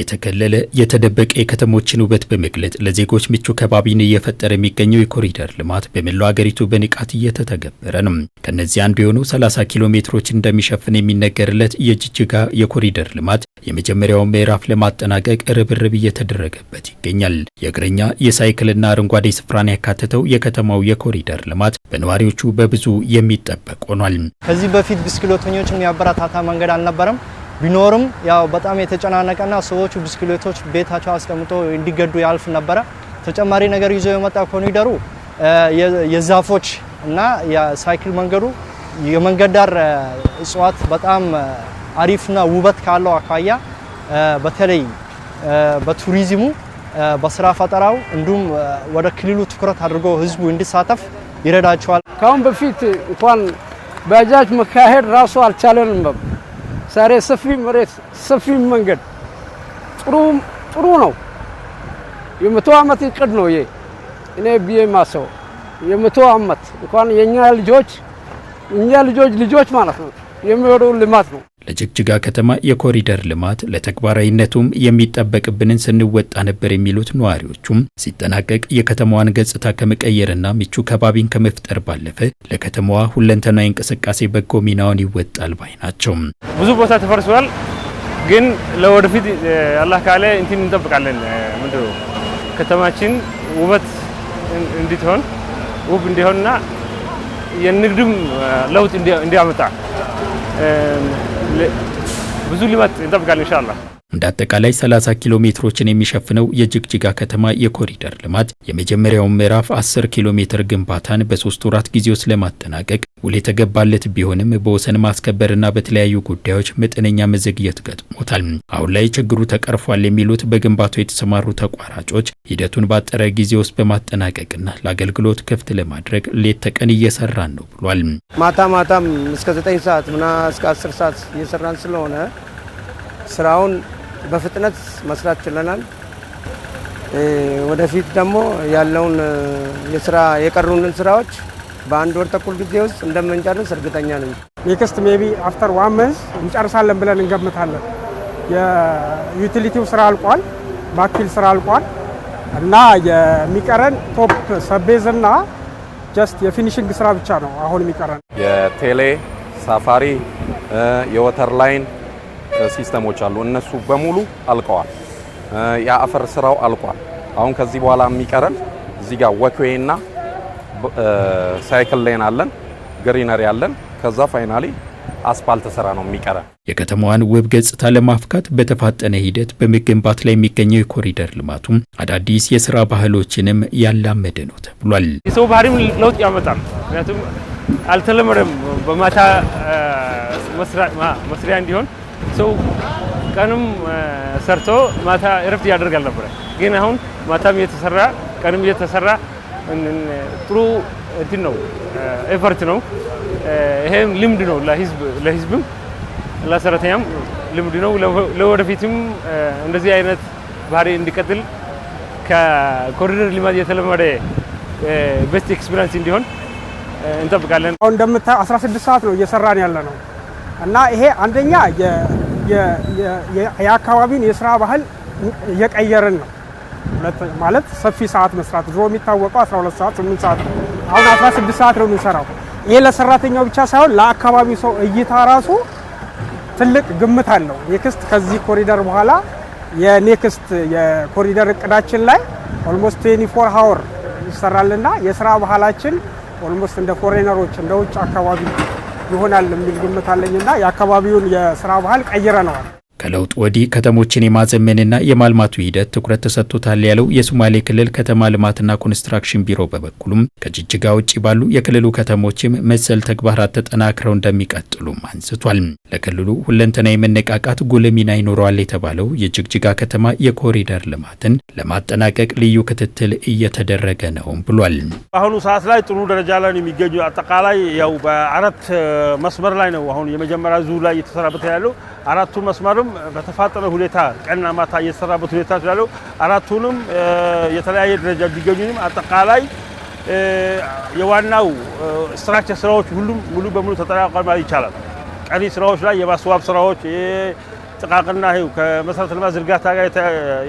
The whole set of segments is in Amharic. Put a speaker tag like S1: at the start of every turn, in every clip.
S1: የተከለለ የተደበቀ የከተሞችን ውበት በመግለጥ ለዜጎች ምቹ ከባቢን እየፈጠረ የሚገኘው የኮሪደር ልማት በመላው አገሪቱ በንቃት እየተተገበረ ነው። ከነዚህ አንዱ የሆኑ 30 ኪሎ ሜትሮች እንደሚሸፍን የሚነገርለት የጅጅጋ የኮሪደር ልማት የመጀመሪያውን ምዕራፍ ለማጠናቀቅ ርብርብ እየተደረገበት ይገኛል። የእግረኛ የሳይክልና አረንጓዴ ስፍራን ያካተተው የከተማው የኮሪደር ልማት በነዋሪዎቹ በብዙ የሚጠበቅ ሆኗል።
S2: ከዚህ በፊት ብስክሌተኞችን የሚያበረታታ መንገድ አልነበረም። ቢኖርም ያው በጣም የተጨናነቀና ሰዎቹ ብስክሌቶች ቤታቸው አስቀምጦ እንዲገዱ ያልፍ ነበረ። ተጨማሪ ነገር ይዞ የመጣ ኮኒደሩ የዛፎች እና የሳይክል መንገዱ የመንገድ ዳር እጽዋት በጣም አሪፍና ውበት ካለው አኳያ በተለይ በቱሪዝሙ በስራ ፈጠራው እንዲሁም ወደ ክልሉ ትኩረት አድርጎ ህዝቡ እንዲሳተፍ ይረዳቸዋል።
S3: ከአሁን በፊት እንኳን ባጃጅ መካሄድ ራሱ አልቻለንም። ዛሬ ሰፊ መሬት፣ ሰፊ መንገድ ጥሩ ጥሩ ነው። የመቶ ዓመት እቅድ ነው ይሄ እኔ ብዬ ማሰው የመቶ ዓመት እንኳን የኛ ልጆች እኛ ልጆች ልጆች ማለት ነው የሚወደው ልማት ነው።
S1: ለጅግጅጋ ከተማ የኮሪደር ልማት ለተግባራዊነቱም የሚጠበቅብንን ስንወጣ ነበር የሚሉት ነዋሪዎቹም ሲጠናቀቅ የከተማዋን ገጽታ ከመቀየርና ምቹ ከባቢን ከመፍጠር ባለፈ ለከተማዋ ሁለንተና እንቅስቃሴ በጎ ሚናውን ይወጣል ባይ ናቸው።
S2: ብዙ ቦታ ተፈርሷል፣ ግን ለወደፊት አላህ ካለ እንትን እንጠብቃለን። ምንድን ከተማችን ውበት እንድትሆን ውብ እንዲሆንና የንግድም ለውጥ እንዲያመጣ ብዙ ሊመት እንጠብቃለን ኢንሻአላህ።
S1: እንደ አጠቃላይ 30 ኪሎ ሜትሮችን የሚሸፍነው የጅግጅጋ ከተማ የኮሪደር ልማት የመጀመሪያውን ምዕራፍ 10 ኪሎ ሜትር ግንባታን በሶስት ወራት ጊዜ ውስጥ ለማጠናቀቅ ውል የተገባለት ቢሆንም በወሰን ማስከበርና በተለያዩ ጉዳዮች መጠነኛ መዘግየት ገጥሞታል። አሁን ላይ ችግሩ ተቀርፏል የሚሉት በግንባታው የተሰማሩ ተቋራጮች ሂደቱን ባጠረ ጊዜ ውስጥ በማጠናቀቅና ለአገልግሎት ክፍት ለማድረግ ሌት ተቀን እየሰራን ነው ብሏል።
S4: ማታ ማታም እስከ 9 ሰዓት ምና እስከ 10 ሰዓት እየሰራን ስለሆነ ስራውን በፍጥነት መስራት ችለናል። ወደፊት ደግሞ ያለውን የስራ የቀሩንን ስራዎች በአንድ ወር ተኩል ጊዜ ውስጥ እንደምንጨርስ እርግጠኛ ነኝ።
S5: ኔክስት ሜቢ አፍተር ዋን መንዝ እንጨርሳለን ብለን እንገምታለን። የዩቲሊቲው ስራ አልቋል፣ ባክፊል ስራ አልቋል እና የሚቀረን ቶፕ ሰቤዝ እና ጀስት የፊኒሽንግ ስራ ብቻ ነው አሁን የሚቀረን
S6: የቴሌ ሳፋሪ የወተር ላይን ሲስተሞች አሉ። እነሱ በሙሉ አልቀዋል። የአፈር ስራው አልቋል። አሁን ከዚህ በኋላ የሚቀረን እዚህ ጋር ወክዌይ ሳይክል ላይን አለን፣ ግሪነሪ አለን። ከዛ ፋይናሊ አስፋልት ስራ ነው የሚቀረን።
S1: የከተማዋን ውብ ገጽታ ለማፍካት በተፋጠነ ሂደት በመገንባት ላይ የሚገኘው የኮሪደር ልማቱም አዳዲስ የስራ ባህሎችንም ያላመደ ነው ተብሏል።
S2: የሰው ባህሪም ለውጥ ያመጣል። ምክንያቱም አልተለመደም በማታ መስሪያ እንዲሆን ሰው ቀንም ሰርቶ ማታ እረፍት ያደርጋል ነበረ። ግን አሁን ማታም እየተሰራ ቀንም እየተሰራ ጥሩ እንትን ነው፣ ኤፈርት ነው። ይሄም ልምድ ነው ለህዝብም ለሰራተኛም ልምድ ነው። ለወደፊትም እንደዚህ አይነት ባህሪ እንዲቀጥል ከኮሪደር ልማት የተለመደ ቤስት ኤክስፒሪንስ እንዲሆን እንጠብቃለን።
S5: አሁን እንደምታየው 16 ሰዓት ነው እየሰራን ያለ ነው። እና ይሄ አንደኛ የአካባቢን የስራ ባህል እየቀየርን ነው ማለት ሰፊ ሰዓት መስራት ድሮ የሚታወቀው 12 ሰዓት 8 ሰዓት ነው። አሁን 16 ሰዓት ነው የምንሰራው። ይሄ ለሰራተኛው ብቻ ሳይሆን ለአካባቢ ሰው እይታ ራሱ ትልቅ ግምት አለው። ኔክስት ከዚህ ኮሪደር በኋላ የኔክስት የኮሪደር እቅዳችን ላይ ኦልሞስት 24 ሀወር ይሰራልና የስራ ባህላችን ኦልሞስት እንደ ፎሬነሮች እንደ ውጭ አካባቢ ይሆናል የሚል ግምት አለኝና የአካባቢውን የስራ ባህል ቀይረነዋል።
S1: ከለውጥ ወዲህ ከተሞችን የማዘመንና የማልማቱ ሂደት ትኩረት ተሰጥቶታል ያለው የሶማሌ ክልል ከተማ ልማትና ኮንስትራክሽን ቢሮ በበኩሉም ከጅጅጋ ውጭ ባሉ የክልሉ ከተሞችም መሰል ተግባራት ተጠናክረው እንደሚቀጥሉም አንስቷል። ለክልሉ ሁለንተና የመነቃቃት ጉልህ ሚና ይኖረዋል የተባለው የጅግጅጋ ከተማ የኮሪደር ልማትን ለማጠናቀቅ ልዩ ክትትል እየተደረገ ነውም ብሏል።
S7: በአሁኑ ሰዓት ላይ ጥሩ ደረጃ ላይ ነው የሚገኙ። አጠቃላይ ያው በአራት መስመር ላይ ነው አሁን የመጀመሪያ ዙር ላይ እየተሰራበት ያለው አራቱ መስመርም ሁሉም በተፋጠነ ሁኔታ ቀንና ማታ እየተሰራበት ሁኔታ ስላለው አራቱንም የተለያየ ደረጃ ቢገኙም አጠቃላይ የዋናው ስትራክቸር ስራዎች ሁሉም ሙሉ በሙሉ ተጠናቋል ማለት ይቻላል። ቀሪ ስራዎች ላይ የማስዋብ ስራዎች፣ ጥቃቅና ከመሰረተ ልማት ዝርጋታ ጋር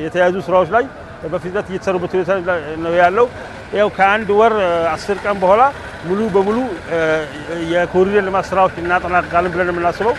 S7: የተያያዙ ስራዎች ላይ በፍጥነት እየተሰሩበት ሁኔታ ነው ያለው። ያው ከአንድ ወር አስር ቀን በኋላ ሙሉ በሙሉ የኮሪደር ልማት ስራዎች እናጠናቅቃለን ብለን የምናስበው